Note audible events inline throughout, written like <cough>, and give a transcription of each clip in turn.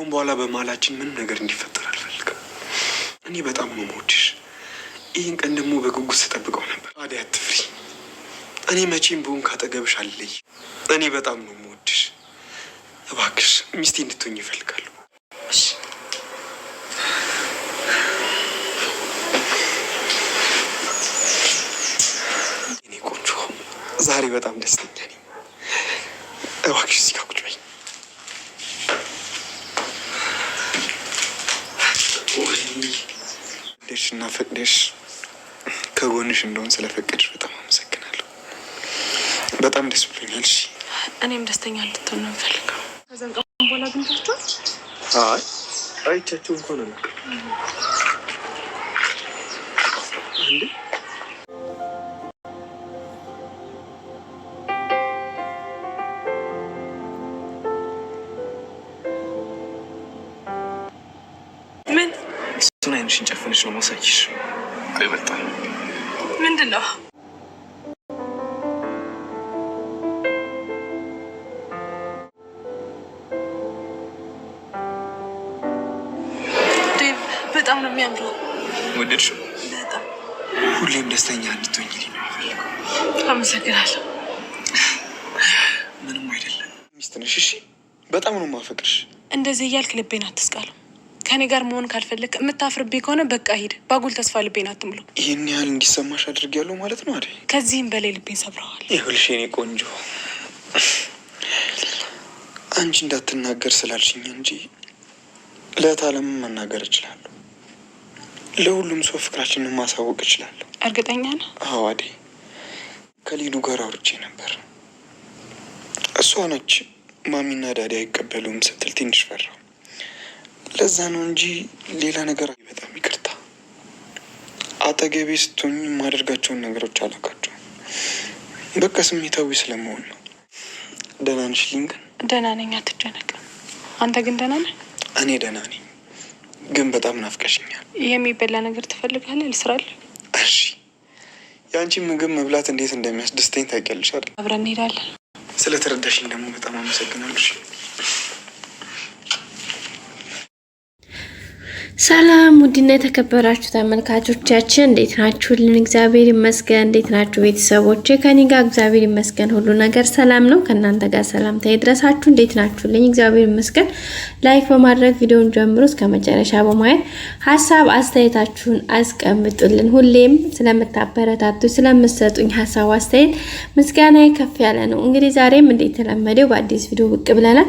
ከአሁን በኋላ በመሀላችን ምንም ነገር እንዲፈጠር አልፈልግም። እኔ በጣም ነው የምወድሽ። ይህን ቀን ደግሞ በጉጉት ስጠብቀው ነበር። ታዲያ አትፍሪ፣ እኔ መቼም ብሆን ካጠገብሽ አለይ። እኔ በጣም ነው የምወድሽ። እባክሽ ሚስቴ እንድትሆኝ ይፈልጋሉ። እኔ ቆንጆ ዛሬ በጣም ደስተኛ ነኝ። እባክሽ እዚህ ፈቅደሽ ከጎንሽ እንደሆን ስለፈቀድሽ በጣም አመሰግናለሁ። በጣም ደስ ብሎኛል። እሺ እኔም ደስተኛ እንድትሆን ነው የምፈልገው። ከዛ በኋላ ግንቻቸው አይቻቸው እንኳን አይንሽን ጨፍንሽ ነው ማሳይሽ። ቆይ በጣም ምንድን ነው? በጣም ነው የሚያምረው። ወደድሽ? በጣም ሁሌም ደስተኛ እንድትሆኝ ነው የሚፈልገው። አመሰግናለሁ። ምንም አይደለም። ሚስት ነሽ። እሺ፣ በጣም ነው የማፈቅርሽ። እንደዚህ እያልክ ልቤን አትስቃለሁ። ከኔ ጋር መሆን ካልፈለግ የምታፍርብኝ ከሆነ በቃ ሂድ። ባጉል ተስፋ ልቤን አትምሎ። ይህን ያህል እንዲሰማሽ አድርጊያለሁ ማለት ነው አይደል? ከዚህም በላይ ልቤን ሰብረዋል። ይኸውልሽ የኔ ቆንጆ አንቺ እንዳትናገር ስላልሽኝ እንጂ ለታለም መናገር እችላለሁ። ለሁሉም ሰው ፍቅራችንን ማሳወቅ እችላለሁ። እርግጠኛ ነህ? አዎ አዴ፣ ከሊዱ ጋር አውርቼ ነበር። እሷ ነች ማሚና ዳዲ አይቀበሉም ስትል ትንሽ ፈራው። ለዛ ነው እንጂ ሌላ ነገር። በጣም ይቅርታ። አጠገቤ ስትሆኝ የማደርጋቸውን ነገሮች አላውቃቸውም። በቃ ስሜታዊ ስለመሆን ነው። ደህና ነሽ ሊን? ግን ደህና ነኝ፣ አትጨነቅ። አንተ ግን ደህና ነህ? እኔ ደህና ነኝ፣ ግን በጣም ናፍቀሽኛል። የሚበላ ነገር ትፈልጋለህ? ልስራል። እሺ። የአንቺ ምግብ መብላት እንዴት እንደሚያስደስተኝ ታውቂያለሽ አይደል? አብረን እንሄዳለን። ስለተረዳሽኝ ደግሞ በጣም አመሰግናለሽ። ሰላም ውድና የተከበራችሁ ተመልካቾቻችን እንዴት ናችሁልን? እግዚአብሔር ይመስገን። እንዴት ናችሁ ቤተሰቦች ከኔ ጋር እግዚአብሔር ይመስገን ሁሉ ነገር ሰላም ነው። ከእናንተ ጋር ሰላምታ ይድረሳችሁ። እንዴት ናችሁልኝ? እግዚአብሔር ይመስገን። ላይክ በማድረግ ቪዲዮን ጀምሮ እስከ መጨረሻ በማየት ሀሳብ አስተያየታችሁን አስቀምጡልን። ሁሌም ስለምታበረታቱ ስለምሰጡኝ ሀሳብ አስተያየት ምስጋና ከፍ ያለ ነው። እንግዲህ ዛሬም እንደተለመደው በአዲስ ቪዲዮ ብቅ ብለናል።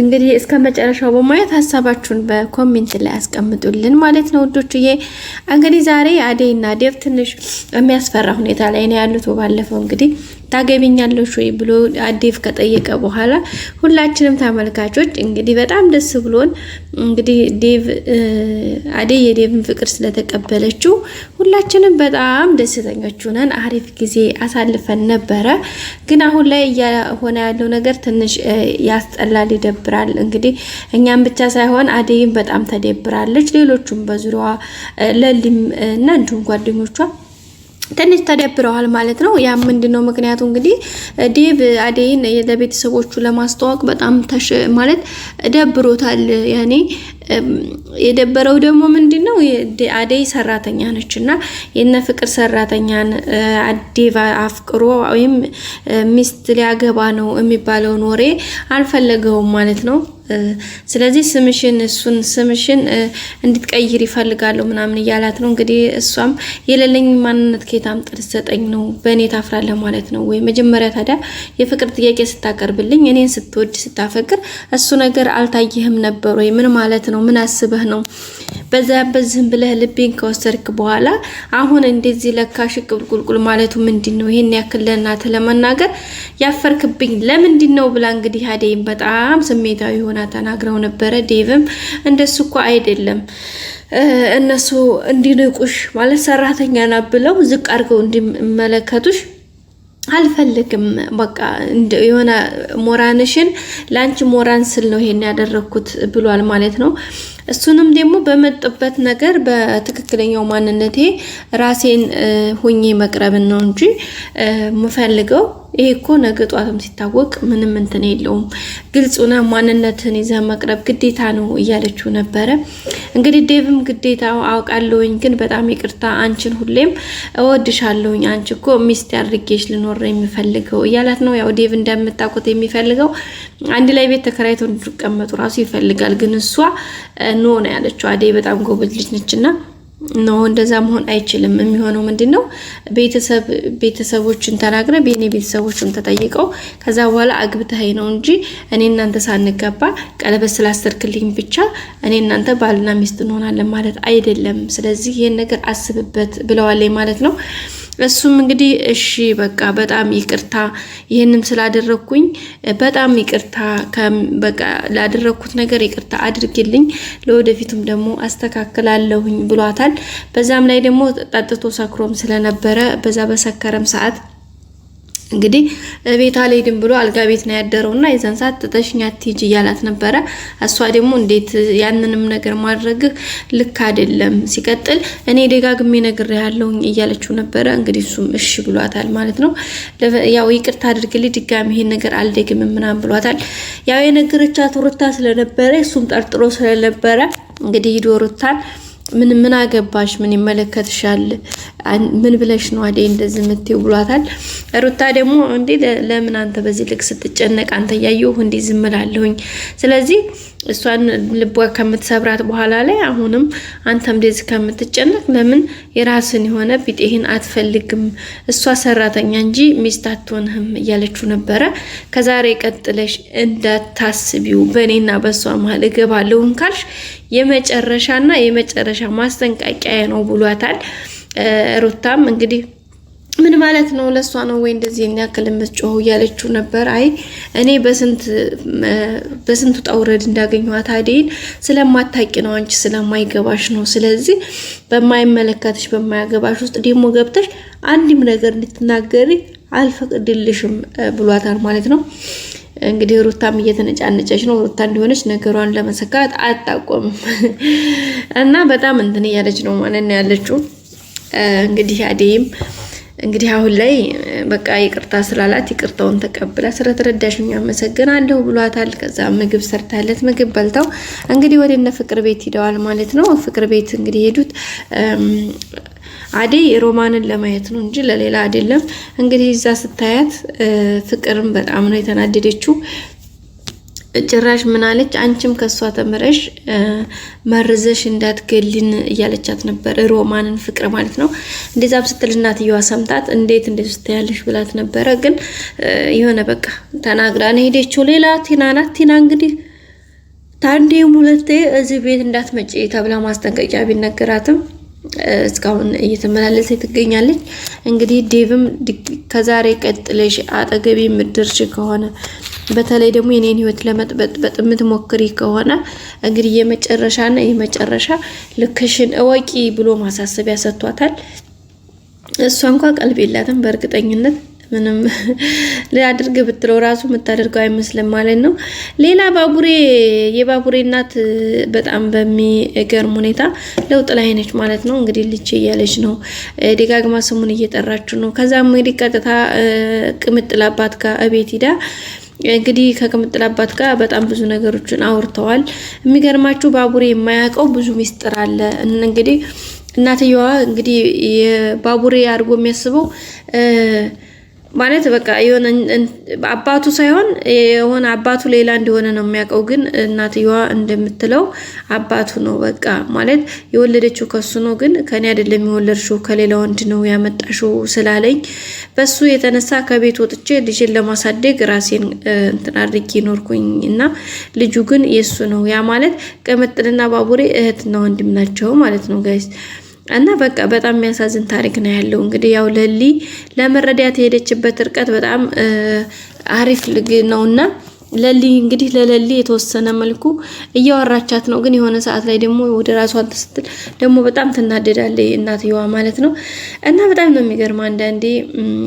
እንግዲህ እስከ መጨረሻው በማየት ሀሳባችሁን በኮሜንት ላይ አስቀምጡልን ማለት ነው ውዶችዬ። እንግዲህ ዛሬ አደይና ዴቭ ትንሽ የሚያስፈራ ሁኔታ ላይ ነው ያሉት። ባለፈው እንግዲህ ታገቢኛለች ወይ ብሎ አዴፍ ከጠየቀ በኋላ ሁላችንም ተመልካቾች እንግዲህ በጣም ደስ ብሎን እንግዲህ ዴቭ አዴ የዴቭን ፍቅር ስለተቀበለችው ሁላችንም በጣም ደስተኞች ሆነን አሪፍ ጊዜ አሳልፈን ነበረ። ግን አሁን ላይ እየሆነ ያለው ነገር ትንሽ ያስጠላል፣ ይደብራል። እንግዲህ እኛም ብቻ ሳይሆን አደይም በጣም ተደብራለች። ሌሎቹም በዙሪያዋ ለሊም እና እንዲሁም ጓደኞቿ ትንሽ ተደብረዋል ማለት ነው። ያ ምንድን ነው ምክንያቱ እንግዲህ ዴቭ አደይን ለቤተሰቦቹ ለማስተዋወቅ በጣም ተሽ ማለት ደብሮታል። ያኔ የደበረው ደግሞ ምንድን ነው አደይ ሰራተኛ ነች እና የነ ፍቅር ሰራተኛን ዴቭ አፍቅሮ ወይም ሚስት ሊያገባ ነው የሚባለውን ወሬ አልፈለገውም ማለት ነው። ስለዚህ ስምሽን እሱን ስምሽን እንድትቀይር ይፈልጋለሁ ምናምን እያላት ነው። እንግዲህ እሷም የሌለኝ ማንነት ከየት አምጥተህ ልትሰጠኝ ነው? በእኔ ታፍራለህ ማለት ነው ወይ? መጀመሪያ ታዲያ የፍቅር ጥያቄ ስታቀርብልኝ እኔን ስትወድ ስታፈቅር እሱ ነገር አልታየህም ነበር ወይ? ምን ማለት ነው? ምን አስበህ ነው? በዛ በዝህም ብለህ ልቤን ከወሰድክ በኋላ አሁን እንደዚህ ለካ ሽቅብ ቁልቁል ማለቱ ምንድን ነው? ይሄን ያክል ለእናትህ ለመናገር ያፈርክብኝ ለምንድን ነው ብላ እንግዲህ አደይም በጣም ስሜታዊ ሆነ ሆና ተናግረው ነበረ። ዴቭም እንደሱ እኮ አይደለም እነሱ እንዲንቁሽ ማለት ሰራተኛ ብለው ዝቅ አድርገው እንዲመለከቱሽ አልፈልግም። በቃ የሆነ ሞራንሽን ለአንቺ ሞራን ስል ነው ይሄን ያደረግኩት ብሏል ማለት ነው። እሱንም ደግሞ በመጡበት ነገር በትክክለኛው ማንነቴ ራሴን ሁኜ መቅረብን ነው እንጂ የምፈልገው ይሄ እኮ ነገ ጧትም ሲታወቅ ምንም እንትን የለውም። ግልጽ ሆነ ማንነትን ይዘ መቅረብ ግዴታ ነው እያለችው ነበረ። እንግዲህ ዴቭም ግዴታ አውቃለሁኝ፣ ግን በጣም ይቅርታ አንቺን ሁሌም እወድሻለሁኝ፣ አንቺ እኮ ሚስት አድርጌሽ ልኖር የሚፈልገው እያላት ነው። ያው ዴቭ እንደምታውቁት የሚፈልገው አንድ ላይ ቤት ተከራይቶ እንዲቀመጡ ራሱ ይፈልጋል። ግን እሷ ኖ ነው ያለችው። አዴ በጣም ጎበዝ ልጅ ነችና ኖ እንደዛ መሆን አይችልም። የሚሆነው ምንድን ነው? ቤተሰብ ቤተሰቦችን ተናግረ የኔ ቤተሰቦችን ተጠይቀው ከዛ በኋላ አግብተህ ነው እንጂ እኔ እናንተ ሳንገባ ቀለበት ስላሰርክልኝ ብቻ እኔ እናንተ ባልና ሚስት እንሆናለን ማለት አይደለም። ስለዚህ ይህን ነገር አስብበት ብለዋለኝ ማለት ነው። እሱም እንግዲህ እሺ በቃ በጣም ይቅርታ ይህንን ስላደረግኩኝ በጣም ይቅርታ በቃ ላደረግኩት ነገር ይቅርታ አድርግልኝ፣ ለወደፊቱም ደግሞ አስተካክላለሁኝ ብሏታል። በዛም ላይ ደግሞ ጠጥቶ ሰክሮም ስለነበረ በዛ በሰከረም ሰዓት እንግዲህ ቤት አልሄድም ብሎ አልጋ ቤት ነው ያደረው እና የዛን ሰዓት ጥጠሽኝ አትሂጂ እያላት ነበረ። እሷ ደግሞ እንዴት ያንንም ነገር ማድረግህ ልክ አይደለም፣ ሲቀጥል እኔ ደጋግሜ ነግሬሃለሁ እያለችው ነበረ። እንግዲህ እሱም እሺ ብሏታል ማለት ነው። ያው ይቅርታ አድርግልኝ ድጋሚ ይሄን ነገር አልደግም ምናምን ብሏታል። ያው የነገረቻት ሩታ ስለነበረ እሱም ጠርጥሮ ስለነበረ እንግዲህ ሂዶ ሩታን ምን ምን አገባሽ? ምን ይመለከትሻል? ምን ብለሽ ነው አዴ እንደዚህ የምትይው ብሏታል። ሩታ ደግሞ እንዴ ለምን አንተ በዚህ ልክ ስትጨነቅ አንተ እያየሁህ እንዲህ ዝም እላለሁኝ። ስለዚህ እሷን ልቧ ከምትሰብራት በኋላ ላይ አሁንም አንተም እንደዚህ ከምትጨነቅ ለምን የራስን የሆነ ቢጤህን አትፈልግም? እሷ ሰራተኛ እንጂ ሚስት አትሆንህም እያለችው ነበረ። ከዛሬ ቀጥለሽ እንዳታስቢው በእኔና በእሷ መሀል እገባለሁን ካልሽ የመጨረሻና የመጨረሻ ማስጠንቀቂያ ነው ብሏታል። ሩታም እንግዲህ ምን ማለት ነው? ለእሷ ነው ወይ እንደዚህ ያክል የምትጮኸው እያለችው ነበር። አይ እኔ በስንት በስንት ውጣ ውረድ እንዳገኘኋት አደይን ስለማታቂ ነው፣ አንቺ ስለማይገባሽ ነው። ስለዚህ በማይመለከትሽ በማያገባሽ ውስጥ ደግሞ ገብተሽ አንድም ነገር እንድትናገሪ አልፈቅድልሽም ብሏታል ማለት ነው። እንግዲህ ሩታም እየተነጫነጨች ነው። ሩታ እንደሆነች ነገሯን ለመሰካት አታቆምም <laughs> እና በጣም እንትን እያለች ነው ማለት ነው ያለችው። እንግዲህ አዴይም እንግዲህ አሁን ላይ በቃ ይቅርታ ስላላት ይቅርታውን ተቀብላ ስለተረዳሽኝ አመሰግናለሁ ብሏታል። ከዛ ምግብ ሰርታለት ምግብ በልተው እንግዲህ ወደ ፍቅር ቤት ሂደዋል ማለት ነው። ፍቅር ቤት እንግዲህ ሄዱት አደይ ሮማንን ለማየት ነው እንጂ ለሌላ አይደለም። እንግዲህ እዛ ስታያት ፍቅርም በጣም ነው የተናደደችው። ጭራሽ ምናለች አንቺም ከሷ ተምረሽ መርዘሽ እንዳትገልን እያለቻት ነበር፣ ሮማንን ፍቅር ማለት ነው። እንደዛም ስትል እናትየዋ ሰምታት እንዴት እንደ ስታያለሽ ብላት ነበረ። ግን የሆነ በቃ ተናግራ ነው ሄደችው። ሌላ ቲና ናት። ቲና እንግዲህ ታንዴም ሁለቴ እዚህ ቤት እንዳትመጪ ተብላ ማስጠንቀቂያ ቢነገራትም እስካሁን እየተመላለሰ ትገኛለች። እንግዲህ ዴቭም ከዛሬ ቀጥለሽ አጠገቤ ምድርሽ ከሆነ በተለይ ደግሞ የኔን ህይወት ለመጥበጥበጥ የምትሞክሪ ከሆነ እንግዲህ የመጨረሻና የመጨረሻ ልክሽን እወቂ ብሎ ማሳሰቢያ ሰጥቷታል። እሷ እንኳ ቀልብ የላትም በእርግጠኝነት ምንም ሊያድርግ ብትለው ራሱ የምታደርገው አይመስልም ማለት ነው። ሌላ ባቡሬ የባቡሬ እናት በጣም በሚገርም ሁኔታ ለውጥ ላይ ነች ማለት ነው። እንግዲህ ልጅ እያለች ነው፣ ደጋግማ ስሙን እየጠራችሁ ነው። ከዛም እንግዲህ ቀጥታ ቅምጥል አባት ጋር እቤት ሂዳ እንግዲህ ከቅምጥል አባት ጋር በጣም ብዙ ነገሮችን አውርተዋል። የሚገርማችሁ ባቡሬ የማያውቀው ብዙ ሚስጥር አለ። እንግዲህ እናትየዋ እንግዲህ የባቡሬ አድርጎ የሚያስበው ማለት በቃ የሆነ አባቱ ሳይሆን የሆነ አባቱ ሌላ እንደሆነ ነው የሚያውቀው። ግን እናትየዋ እንደምትለው አባቱ ነው በቃ ማለት የወለደችው ከሱ ነው። ግን ከኔ አይደለም የወለድሽው ከሌላ ወንድ ነው ያመጣሽው ስላለኝ በሱ የተነሳ ከቤት ወጥቼ ልጅን ለማሳደግ ራሴን እንትን አድርጌ ኖርኩኝ እና ልጁ ግን የሱ ነው። ያ ማለት ቅምጥልና ባቡሬ እህትና ወንድም ናቸው ማለት ነው ጋይስ እና በቃ በጣም የሚያሳዝን ታሪክ ነው ያለው። እንግዲህ ያው ለሊ ለመረዳት የሄደችበት እርቀት በጣም አሪፍ ልግ ነውና ለሊ እንግዲህ ለለሊ የተወሰነ መልኩ እያወራቻት ነው። ግን የሆነ ሰዓት ላይ ደግሞ ወደ ራሷን ስትል ደግሞ በጣም ትናደዳለች እናትየዋ ማለት ነው። እና በጣም ነው የሚገርም። አንዳንዴ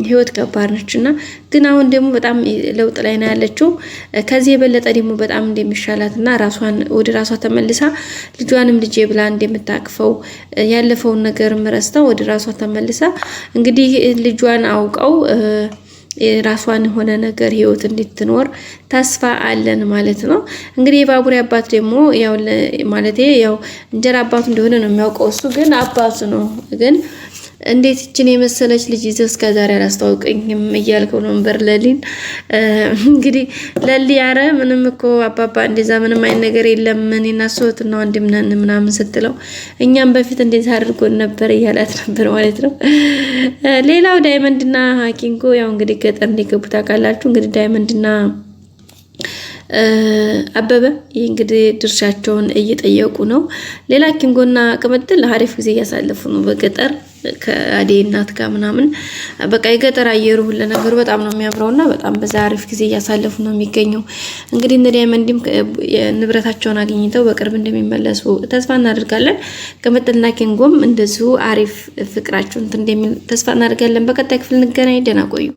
ህይወት ከባድ ነች እና ግን አሁን ደግሞ በጣም ለውጥ ላይ ነው ያለችው። ከዚህ የበለጠ ደግሞ በጣም እንደሚሻላት እና ራሷን ወደ ራሷ ተመልሳ ልጇንም ልጄ ብላ እንደምታቅፈው ያለፈውን ነገር ረስታ ወደ ራሷ ተመልሳ እንግዲህ ልጇን አውቀው የራሷን የሆነ ነገር ህይወት እንድትኖር ተስፋ አለን ማለት ነው። እንግዲህ የባቡሬ አባት ደግሞ ያው ያው እንጀራ አባቱ እንደሆነ ነው የሚያውቀው እሱ ግን አባቱ ነው ግን እንዴት ይችን የመሰለች ልጅ ይዘህ እስከ ዛሬ አላስተዋውቀኝም እያልከው ነበር ለሊን። እንግዲህ ለሊ ያረ ምንም እኮ አባባ እንደዛ ምንም አይነት ነገር የለም እኔና እሱ እህትና ወንድም ነን ምናምን ስትለው እኛም በፊት እንዴት አድርጎን ነበር እያላት ነበር ማለት ነው። ሌላው ዳይመንድና ኪንጎ ያው እንግዲህ ገጠር እንዲገቡ ታውቃላችሁ እንግዲህ ዳይመንድና አበበ ይህ እንግዲህ ድርሻቸውን እየጠየቁ ነው። ሌላ ኪንጎና ቅምጥል አሪፍ ጊዜ እያሳለፉ ነው በገጠር ከአዴ እናት ጋር ምናምን በቃ የገጠር አየሩ ሁሉ ነገሩ በጣም ነው የሚያምረው እና በጣም በዛ አሪፍ ጊዜ እያሳለፉ ነው የሚገኘው። እንግዲህ እነ ዳይመንድም ንብረታቸውን አግኝተው በቅርብ እንደሚመለሱ ተስፋ እናደርጋለን። ቅምጥልና ኪንጎም እንደዚሁ አሪፍ ፍቅራቸው እንደሚል ተስፋ እናደርጋለን። በቀጣይ ክፍል እንገናኝ። ደህና ቆዩ።